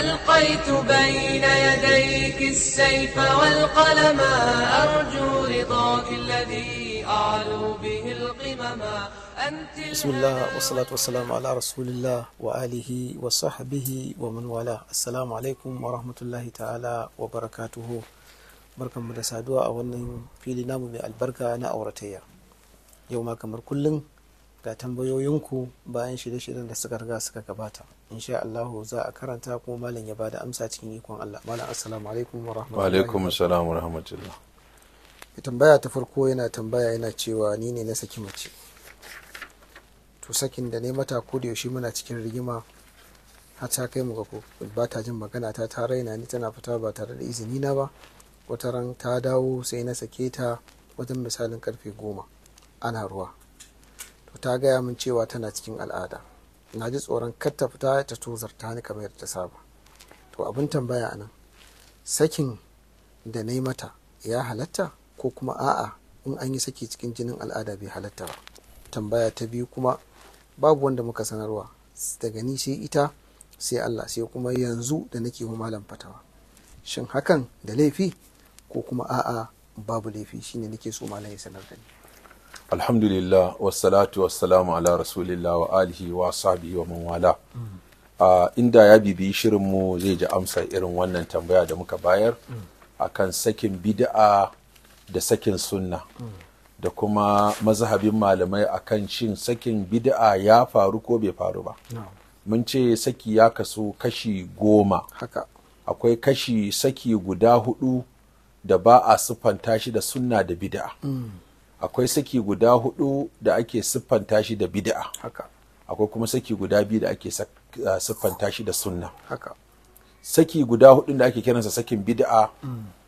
ألقيت بين يديك السيف والقلم أرجو رضاك الذي أعلو به القمم أنت بسم الله والصلاة والسلام على رسول الله وآله وصحبه ومن والاه السلام عليكم ورحمة الله تعالى وبركاته barkanmu da saduwa a wannan fili namu mai albarka na auratayya yau ma kamar kullum ga tambayoyinku bayan shirye-shiryen da suka riga suka gabata insha Allah za a karanta kuma malam ya bada amsa cikin ikon Allah malam assalamu alaikum wa rahmatullahi wa alaikum assalam wa rahmatullahi tambaya ta farko yana tambaya yana cewa ni ne na saki mace to sakin da ne mata ko da yaushe muna cikin rigima har ta kai mu ga ko ba ta jin magana ta ta raina ni tana fita ba tare da izini na ba wata ran ta dawo sai na sake ta wajen misalin karfe goma ana ruwa ta gaya min cewa tana cikin al'ada na ji tsoron kar ta fita ta tozarta ni kamar yadda ta saba to abin tambaya anan sakin da na mata ya halatta ko kuma a'a in an yi saki cikin jinin al'ada bai halatta ba tambaya ta biyu kuma babu wanda muka sanarwa daga ni sai ita sai Allah sai kuma yanzu da nake wa malam fatawa shin hakan da laifi ko kuma a'a babu laifi shine nake so malam ya sanar da ni alhamdulillah wassalatu wassalamu ala rasulillah wa alihi wa sahbihi wa wala. a inda ya bibiyi mu zai ji amsa irin wannan tambaya da muka bayar akan sakin bida'a da sakin sunna da kuma mazhabin malamai akan shin sakin bid'a ya faru ko bai faru ba mun ce saki ya kasu kashi goma haka akwai kashi saki guda hudu da ba a siffanta shi da sunna da bida'a. akwai saki guda hudu da ake siffanta shi da bid'a haka akwai kuma saki guda biyu da ake siffanta shi da sunna haka saki guda hudu da ake kiransa sakin bid'a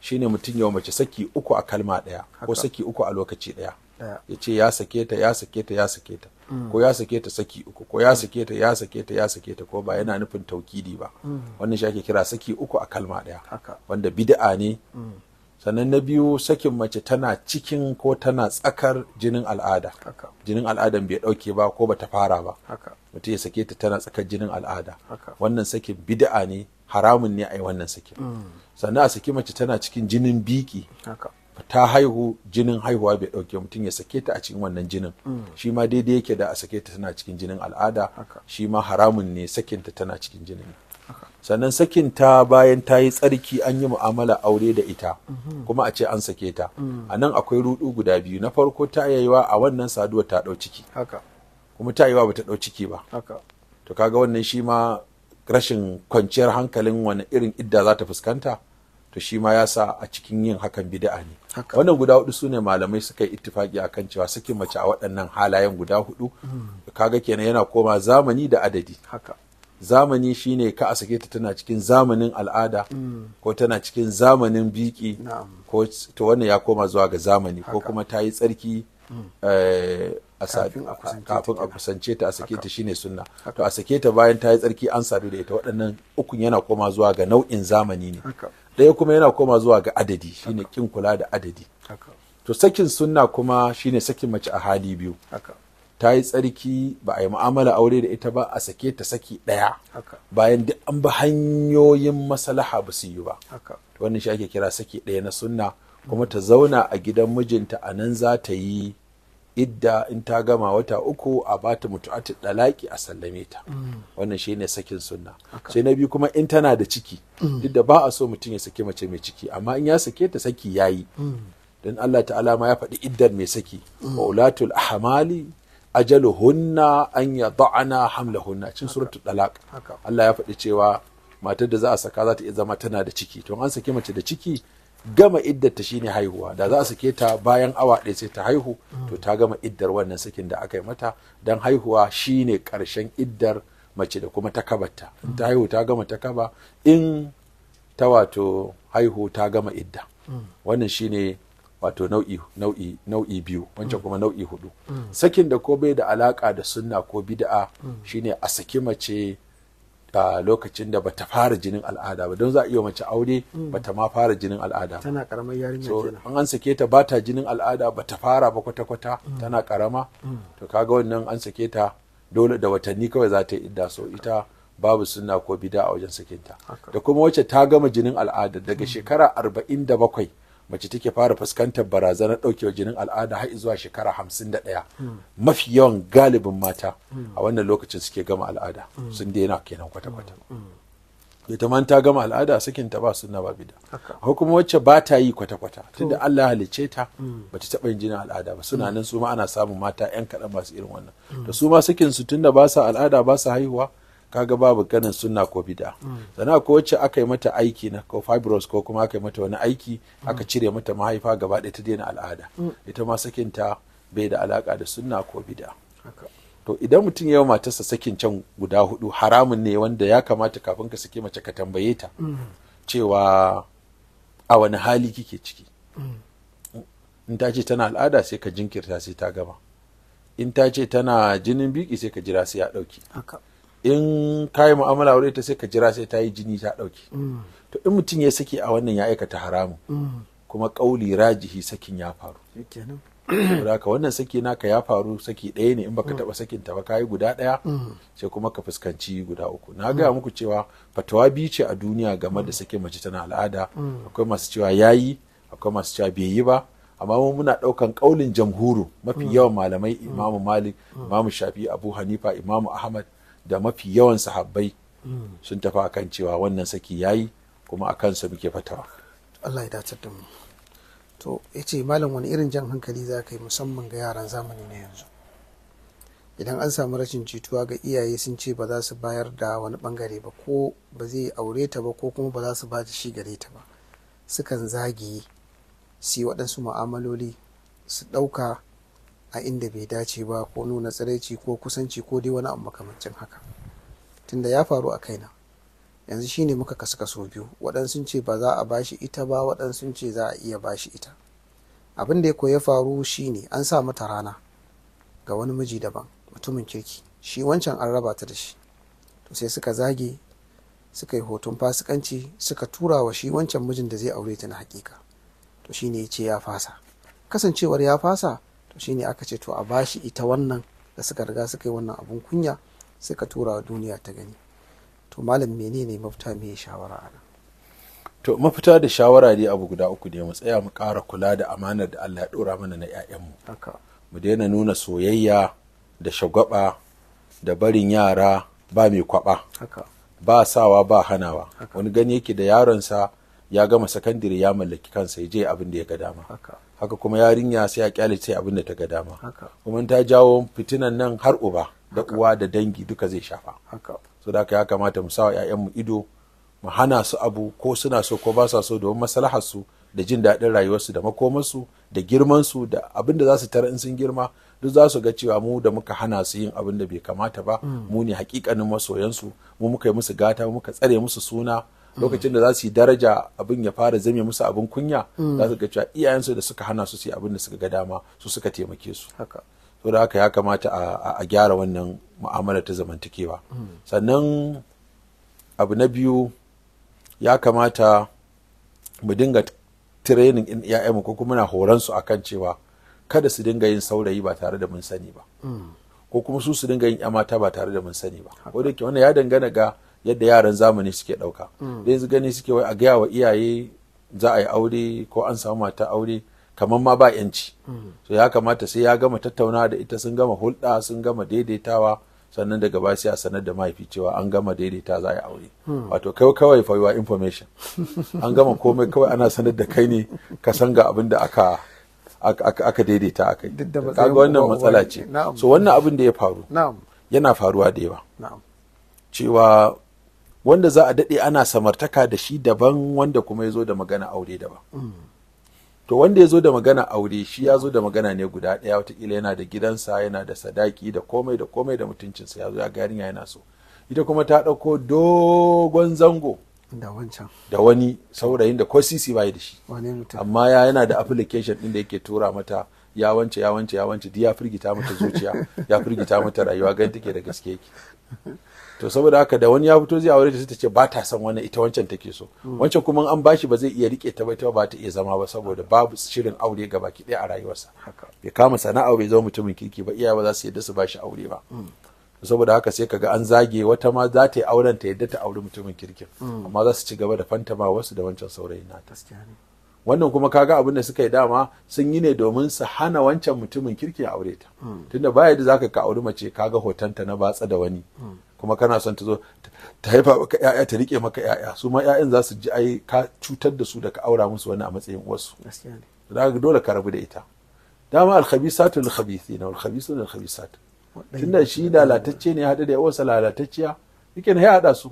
shine mutum ya mace saki uku a kalma daya ko saki uku a lokaci daya ya ce ya sake ta ya sake ta ya sake ta mm. ko ya sake ta saki uku ko ya sake ta ya sake ta ya sake ta ko ba yana nufin taukidi ba mm. wannan shi ake kira saki uku a kalma daya wanda bid'a ne mm. sannan na biyu sakin mace tana cikin ko tana tsakar jinin al'ada jinin al'adan bai dauke ba ko bata fara ba mutum ya sake ta tana tsakar jinin al'ada wannan sakin bid'a ne haramun ne a yi wannan sakin mm. sannan a saki mace tana cikin jinin biki ta haihu jinin haihuwa bai dauke mutum ya sake ta a cikin wannan jinin mm. shi ma daidai yake da a sake ta tana cikin jinin al'ada shi ma haramun ne sakin ta tana cikin jinin sannan sakin ta bayan ta yi tsarki an yi mu'amala aure da ita kuma a ce an sake ta a nan akwai rudu guda biyu na farko ta yayiwa a wannan saduwa ta dau ciki kuma ta yayiwa wa bata ɗau ciki ba to kaga wannan shi ma rashin kwanciyar hankalin wani irin idda za ta fuskanta to shi ma ya sa a cikin yin hakan bida'a ne wannan guda hudu su malamai suka yi ittifaki akan cewa sakin mace a waɗannan halayen guda hudu mm. kaga kenan yana koma zamani da adadi zamani shine ka a sake ta tana cikin zamanin al'ada mm. ko tana cikin zamanin biki ko to wannan ya koma zuwa ga zamani ko kuma ta yi tsarki mm. eh, kafin a kusance ta a sake ta shine sunna to a sake ta bayan ta yi tsarki an sadu da ita waɗannan ukun yana koma zuwa ga nau'in zamani ne ɗaya kuma yana koma zuwa ga adadi shine kin kula da adadi to sakin sunna kuma shine sakin mace a hali biyu ta yi tsarki ba a yi mu'amala aure da ita ba a sake ta saki ɗaya bayan duk an bi hanyoyin masalaha ba su yi ba wannan shi ake kira saki ɗaya na sunna kuma ta zauna a gidan mijinta a nan za ta yi idda in ta gama wata uku a bata mutu'atu dalaki a sallame ta mm. wannan wannan ne sakin sunna sai na biyu kuma in tana da ciki mm. duk da ba a so mutum ya sake mace mai ciki amma in ya sake ta saki ya yi. Mm. Don Allah ta'ala ma ya faɗi iddar mai saki maulatul hamali Ajalu hunna an hamla hunna cin suratul talaq Allah ya faɗi cewa matar da za a saka za ta iya zama tana da ciki to an sake mace da ciki gama iddar ta shine haihuwa da za a sake ta bayan awa ɗaya sai ta haihu mm. to ta gama iddar wannan sakin da aka yi mata dan haihuwa shine karshen iddar mace da kuma takabarta in ta mm. haihu ta gama takaba in ta wato haihu ta gama idda mm. wannan shine wato nau'i nau'i nau'i biyu wancan mm. kuma nau'i hudu mm. sakin da ko bai da alaka da sunna ko bid'a mm. shine a saki mace a lokacin da bata fara jinin al'ada ba don za a iya mace aure bata ma fara jinin al'ada tana karamar yarinya so an an sake ta bata jinin al'ada bata fara ba kwata kwata tana karama to kaga wannan an sake ta dole da watanni kawai za ta yi idda so ita babu sunna ko bida a wajen sakinta da kuma wacce ta gama jinin al'ada daga shekara arba'in da bakwai mace take fara fuskantar barazanar ɗaukewa jinin al'ada har zuwa shekara hamsin da ɗaya mafi yawan galibin mata a wannan lokacin suke gama al'ada sun daina kenan kwata-kwata ita ta gama al'ada sakin ta ba sunna ba bida kuma wacce ba ta yi kwata-kwata tunda Allah halicce ta mm. ba ta taɓa yin jinin al'ada ba suna mm. nan su ma ana samun mata 'yan kaɗan masu irin wannan da mm. su ma sakin su tunda ba sa al'ada ba sa haihuwa kaga babu ganin suna ko bida sannan ko wacce aka yi mata aiki na ko fibros ko kuma aka yi mata wani aiki aka cire mata mahaifa gaba ɗaya ta daina al'ada ita ma sakin ta bai da alaka da suna ko bida to idan mutum ya yi matarsa sakin can guda hudu haramun ne wanda ya kamata kafin ka sake mace ka tambaye ta cewa a wani hali kike ciki in ta ce tana al'ada sai ka jinkirta sai ta gama in ta ce tana jinin biki sai ka jira sai ya ɗauki in ka mu'amala wurin ta sai ka jira sai ta yi jini ta ɗauke mm. to in mutum ya saki a wannan ya aikata haramu mm. kuma ƙauli rajihi sakin ya faru haka wannan saki naka ya faru saki ɗaya ne in baka mm. taɓa sakin ta ba ka guda ɗaya sai kuma ka fuskanci guda uku na gaya muku cewa fatawa biyu ce a duniya game da sakin mace tana al'ada akwai masu cewa yayi akwai masu cewa bai yi ba amma mu muna ɗaukan ƙaulin jamhuru mafi yawan malamai imamu malik imamu shafi abu hanifa imamu ahmad da mafi yawan sahabbai sun tafi a kan cewa wannan saki ya yi kuma a kansa muke fatawa Allah ya dace da mu to ya ce malam wani irin jan hankali za ka yi musamman ga yaran zamani na yanzu idan an samu rashin jituwa ga iyaye sun ce ba za su bayar da wani bangare ba ko ba zai aure ta ba ko kuma ba za su ba shi gare ta ba sukan zage su yi waɗansu mu'amaloli su ɗauka a inda bai dace ba ko nuna tsiraici ko kusanci ko dai wani abu makamancin haka tunda ya faru a kaina yanzu shine muka kasu kaso biyu waɗansu ce ba za a bashi ita ba waɗansu ce za a iya bashi ita abin da ya koya faru shine an sa mata rana ga wani miji daban mutumin kirki shi wancan an raba ta da shi to sai suka zage suka yi hoton fasikanci suka tura wa shi wancan mijin da zai aure ta na hakika to shine ya ce ya fasa kasancewar ya fasa to ne aka ce to a bashi ita wannan da suka riga suka yi wannan abun kunya sai ka tura duniya ta gani to malam menene mafita me shawara ana to mafita da shawara dai abu guda uku ne mu tsaya mu ƙara kula da amanar da Allah ya ɗora mana na ƴaƴanmu haka mu daina nuna soyayya da shagwaba da barin yara ba mai kwaba ba sawa ba hanawa wani gani yake da yaronsa ya gama sakandire ya mallaki kansa ya je abin da ya ga dama haka kuma yarinya sai ya kyale sai abin da ta ga dama kuma ta jawo fitinan nan har uba da uwa da dangi duka zai shafa so da ya kamata mu sawa mu ido mu hana su abu ko suna so ko ba sa so domin maslahar su da jin daɗin su da su da girmansu da abin da za su tara in sun girma duk za su ga cewa mu da muka hana su yin abin da bai kamata ba mm. mu ne hakikanin masoyansu mu muka yi musu gata muka tsare musu suna lokacin da za su yi daraja abin ya fara zame musu abin kunya hmm. za su ga cewa iyayensu da suka hana su su yi abin da suka ga dama su suka taimake su haka da haka ya kamata a gyara wannan mu'amala ta zamantakewa hmm. sannan abu na biyu ya kamata mu dinga training in iyayenmu ko kuma na horon su akan cewa kada su dinga yin saurayi ba tare da mun sani ba hmm. ko kuma su su dinga yin mata ba tare da mun sani ba ko da wannan ya dangana ga yadda yaran zamani suke ɗauka da mm. yanzu gani suke wai a gaya wa iyaye za a yi aure ko an samu mata aure kamar ma ba yanci mm. so ya kamata sai ya gama tattauna da ita sun gama hulɗa sun gama daidaitawa sannan daga baya sai a sanar da mahaifi cewa an gama daidaita za a yi aure mm. wato kai kawai fa information an gama komai kawai ana sanar da kai ne ka san ga abin da aka aka daidaita akai kaga wannan matsala ce so wannan abin da ya faru yana faruwa da yawa cewa wanda za a daɗe ana samartaka da shi daban wanda kuma ya zo da magana aure daban mm. to wanda ya zo da magana aure shi ya zo da magana ne guda ɗaya watakila yana da gidansa yana da sadaki da komai da komai da mutuncinsa ya zo ya garinya yana so ita kuma ta ɗauko dogon zango da wancan da wani saurayin da ko sisi bai da shi amma ya yana da application ɗin da yake tura mata ya wance ya wance ya wance ya firgita mata zuciya ya firgita mata rayuwa gan take da gaske yake to saboda haka da wani ya fito zai aure ta sai ta ce ba ta son wannan ita wancan take so hmm. wancan kuma an bashi ba zai iya rike ta ba ta ba ta iya zama ba saboda babu shirin aure ga baki ɗaya a rayuwarsa ya kama sana'a bai zama mutumin kirki ba iyaye ba za su yadda su bashi aure ba hmm. saboda haka sai kaga an zage wata ma za ta yi auren ta yadda ta auri mutumin kirkin hmm. amma za su ci gaba da fanta ba wasu da wancan saurayi ta wannan kuma kaga abin da suka yi dama sun yi ne domin su hana wancan mutumin kirki aure ta tunda baya da zaka ka auri mace kaga hotonta na batsa da wani kuma kana son ta zo ta haifa maka ƴaƴa ta rike maka ƴaƴa su ma ƴaƴan za su ji ai ka cutar da su da ka aura musu wani a matsayin wasu da dole ka rabu da ita dama alkhabisatu lilkhabithina walkhabisuna lilkhabisat tunda shi lalatacce ne hada da yawansa lalatacciya yake na ya haɗa su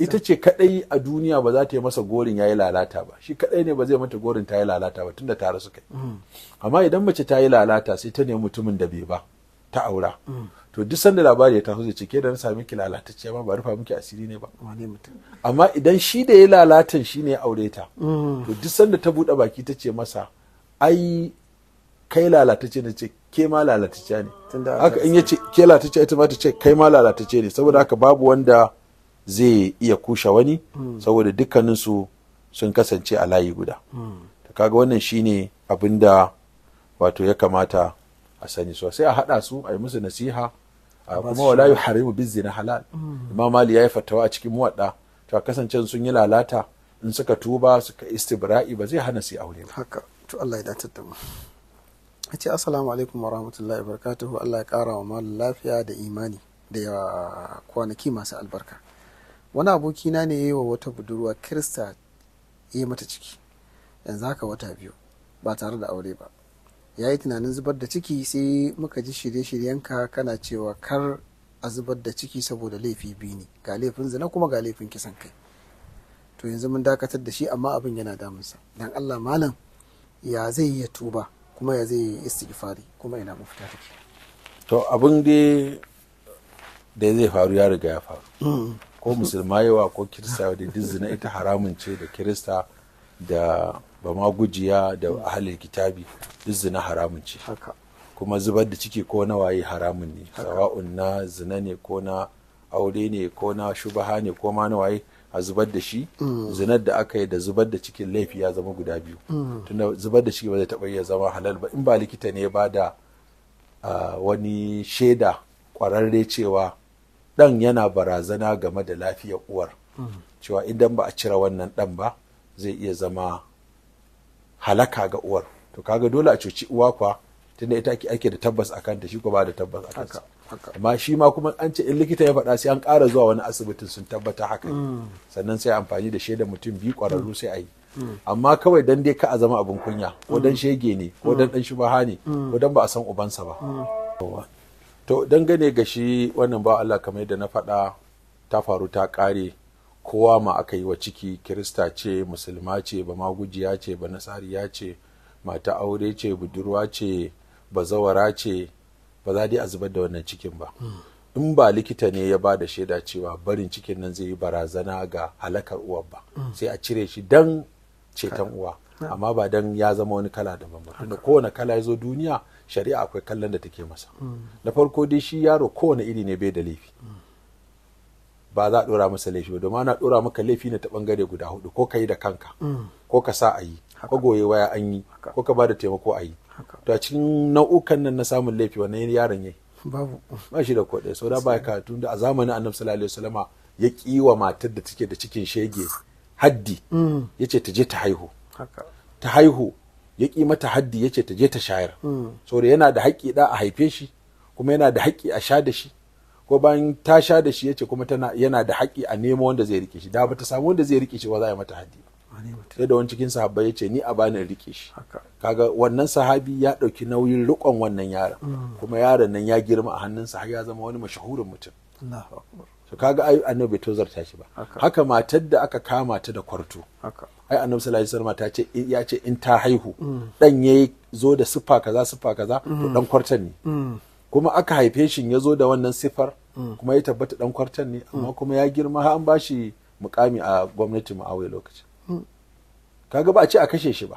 ita ce kadai a duniya ba za ta yi masa gorin yayi lalata ba shi kadai ne ba zai mata gorin ta yi lalata ba tunda tare su kai. Mm. amma idan mace ta yi lalata sai ta nemi mutumin da bai ba ta aura mm. to duk sanda labari ya taso zai ce cike da na sami ki lalatacciya ba ba rufa miki asiri ne ba amma idan shi da ya lalatan shi ne ya aure ta mm. to duk sanda ta buɗe baki ta ce masa ai kai lalatacce ne ce ke ma lalatacce ne haka in yace ke lalatacce ita ma ta ce kai ma lalatacce ne saboda haka babu wanda zai iya kusha wani mm. saboda dukkaninsu sun kasance a layi guda kaga wannan shine abinda wato ya kamata a sani su sai a haɗa su a yi musu nasiha kuma wala harimu bizzi na halal mm. imam mali yayi fatawa a cikin muwadda to kasance sun yi lalata in suka tuba suka istibra'i ba zai hana su aure ba haka to Allah ya dace da mu a ce assalamu alaikum wa rahmatullahi wa barakatuhu Allah ya kara wa mal lafiya da imani da yawa kwanaki masu albarka wani aboki na ne wa wata budurwa kirista yi mata ciki yanzu haka wata biyu ba tare da aure ba ya yi tunanin zubar da ciki sai muka ji shirye-shiryenka kana cewa kar a zubar da ciki saboda laifi biyu ne ga laifin zina kuma ga laifin kisan kai to yanzu mun dakatar da shi amma abin yana damunsa don Allah malam ya zai iya tuba kuma ya zai yi istighfari kuma ina mafita take to abin da zai faru ya riga ya faru mm. ko musulma yawa ko kirista da duk zina ita haramun ce da kirista da ba ma gujiya da ahalin kitabi duk zina haramun ce kuma zubar da ciki ko na waye haramun ne sawa'un na zina ne ko na aure ne ko na shubaha ne ko ma na waye a zubar da shi mm. zinar da aka yi da zubar da cikin laifi ya zama guda biyu mm. tunda zubar da ciki ba zai taɓa iya zama halal ba in ba likita ne ba da wani shaida kwararre cewa dan yana barazana game da lafiyar uwar mm. cewa idan ba a cire wannan dan ba zai iya zama halaka ga uwar to kaga dole a cuci uwa kwa tunda ita ake da tabbas a kanta shi ko ba da tabbas a kanta amma shi ma kuma an ce in likita ya faɗa sai an ƙara zuwa wani asibitin sun tabbata haka mm. sannan sai amfani da shaidar mutum biyu ƙwararru mm. sai a yi mm. amma kawai dan dai ka a zama abin kunya ko dan shege ne ko dan dan shubaha ne ko dan ba a san ubansa ba to dangane ga shi wannan ba Allah kamar yadda na faɗa ta faru ta ƙare kowa ma aka yi wa ciki kirista ce musulma ce ba magujiya ce ba nasariya ce mata aure ce budurwa ce ba zawara ce ba za dai a zubar da wannan cikin ba hmm. in ba likita ne ya ba da shaida cewa barin cikin nan zai yi barazana ga halakar uwar ba hmm. sai a cire shi dan ceton uwa amma ba dan ya zama wani kala daban ba tunda kowane kala ya zo duniya shari'a akwai kallon da take masa hmm. na farko dai shi yaro kowane iri ne bai da laifi ba za a dora masa laifi ba domin ana dora maka laifi ne ta bangare guda hudu ko ka yi da kanka mm. ko ka sa a yi ko goye waya an yi ko ka ba da taimako a yi to a cikin nau'ukan nan na samun laifi wannan yaron yayi babu ba shi da kuɗi sau da baya karatu da a zamanin annabi sallallahu alaihi ya ƙi wa matar da take da cikin shege haddi mm. ya ce ta je ta haihu ta haihu ya ki mata haddi ya ce ta je ta shayar mm. da yana da haƙƙi ɗa a haife shi kuma yana da haƙƙi a sha da shi ko bayan ta sha da shi yace kuma tana yana da haƙƙi a nemo wanda zai rike shi da ba ta samu wanda zai rike shi ba za a yi mata haddi sai da wani cikin sahabbai yace ni a bani rike shi kaga wannan sahabi ya ɗauki nauyin riƙon wannan yaron mm. kuma yaron nan ya girma a hannunsa har ya zama wani mashahurin mutum so kaga ai annabi bai tozarta shi ba haka matar da aka kama ta da kwarto ai annabi sallallahu alaihi wasallam ta ce ya ce in ta haihu dan mm. yayi zo da siffa kaza siffa kaza to dan mm. kwartan ne kuma aka haife shi ya zo da wannan sifar mm. kuma ya tabbata dan kwartan ne amma mm. kuma ya girma har an ba shi mukami a gwamnati ma'awai lokaci. Mm. kaga ba a ce a kashe shi ba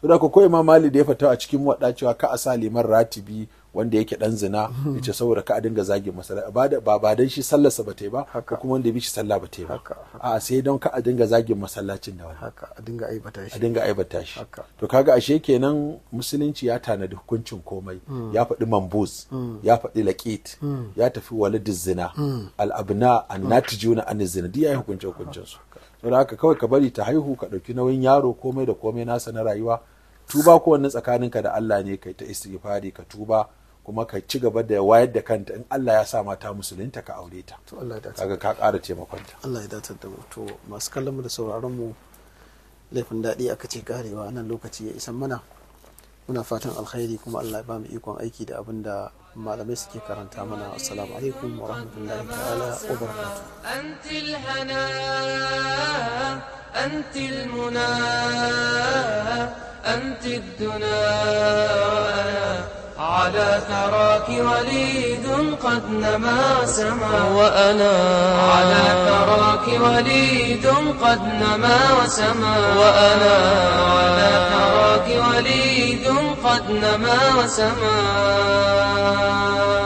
so da ko imam mali da ya fata a cikin wadda cewa ka a sa liman ratibi wanda yake dan zina hmm. yace saboda ka a dinga zage masallaci ba ba dan shi sallarsa ba ta yi ba ko kuma wanda bi shi sallah ba ta yi ba a sai don ka a dinga zage masallacin da wani haka a dinga aibata shi a dinga aibata shi to kaga ashe kenan musulunci ya tanadi hukuncin komai hmm. ya faɗi mambus hmm. ya faɗi laqit ya tafi waladiz zina al abna an natijuna an zina duk yayi hukuncin hukuncin su saboda haka kawai ka bari ta haihu ka ɗauki nauyin yaro komai da komai nasa na rayuwa tuba ko wannan tsakaninka da Allah ne kai ta istighfari ka tuba kuma ka ci gaba da wayar da kanta in Allah ya sa mata musulunta ka aure ta to Allah ya dace kaga ka ƙara taimakonta Allah ya dace da to masu kallon mu da sauraron mu laifin daɗi aka ce karewa nan lokaci ya isan mana muna fatan alkhairi kuma Allah ya ba mu ikon aiki da abin da malamai suke karanta mana assalamu alaikum wa rahmatullahi ta'ala wa barakatuh antil hana antil muna antid duna على ثراك وليد قد نما سما وأنا على ثراك وليد قد نما سما وأنا على ثراك وليد قد نما سما